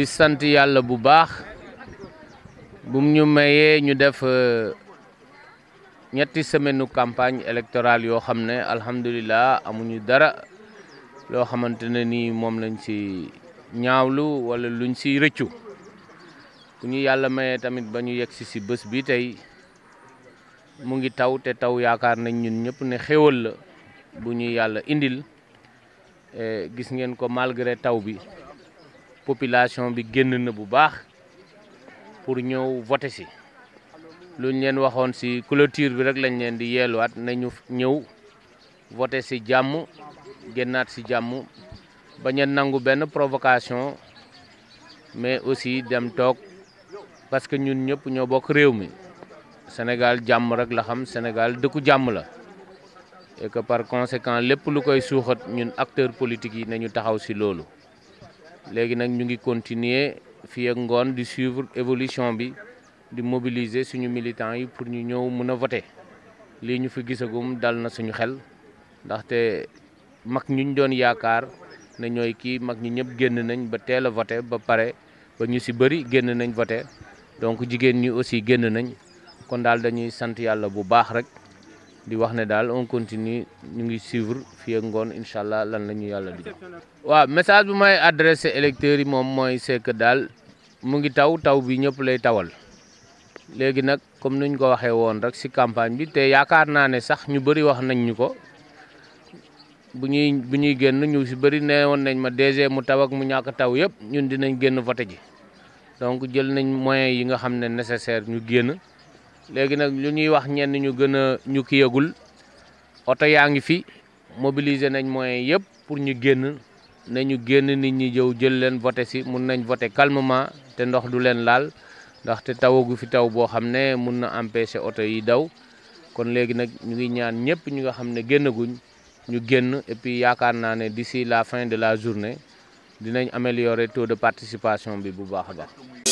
di sant yalla bu baax bum ñu mayé ñu def euh, ñetti semaine campagne électorale yo xamné ne amuñu dara lo xamantene ni mom lañ ci ñaawlu wala luñ ci reccu ku ñu yalla mayé tamit ba ñu yegg si bi tay mu ngi taw té taw yaakar nañ ñun ñëpp ne xéewal la bu ñu yalla indil eh, gis ngeen ko malgré taw bi population bi génn na bu baax pour ñëw voter si luñ leen waxoon ci clôture bi rek lañ leen di nañu ñëw voter si jamu gennat ci jamm baña nangu ben provocation mais aussi dem tok parce que ñun ñëpp ño bok réew mi Sénégal jamm rek la xam Sénégal deku jamm la et que par conséquent lepp lu koy suxat ñun acteur politique yi nañu taxaw si léegi nag ñu ngi continuer fii ak ngoon di suivre évolution bi di mobiliser suñu militants yi pour ñu ñëw mun a voter lii ñu fi gisagum dal na suñu xel ndaxte mag ñuñ doon yaakaar ne ñooy kii mag ñi ñëpp génn nañ ba teel a voter ba pare ba ñu si bari génn nañ voter donc jigéen ñi aussi génn nañ kon daal dañuy sant yàlla bu baax rek di wax ne dal on continue ñu ngi suivre fi ak ngone inshallah lan lañu yalla di wa message bu may adresser électeur yi mom moy c'est que dal mu ngi taw taw bi ñepp lay tawal légui nak comme nuñ ko waxé won rek si campagne bi té yaakar na né sax ñu bëri wax nañ ñuko bu ñuy bu ñuy genn ñu ci bëri né won nañ ma DG mu taw ak mu ñak taw yépp ñun dinañ genn vote ji donc jël nañ moyens yi nga xamné nécessaire ñu genn léegi nag lu ñuy wax ñenn ñu gën a ñu kiyagul oto yaa ngi fi mobiliser nañ moyens yëpp pour ñu génn nañu génn nit ñi jëw jël leen voté si mun nañ vote calmement te ndox du leen laal ndaxte tawagu fi taw boo xam ne mun na empêcher oto yi daw kon léegi nag ñu ngi ñaan ñëpp ñu nga xam ne génnaguñ ñu génn et puis yaakaar naa ne d'ici la fin de la journée dinañ améliorer taux de participation bi bu baax a baax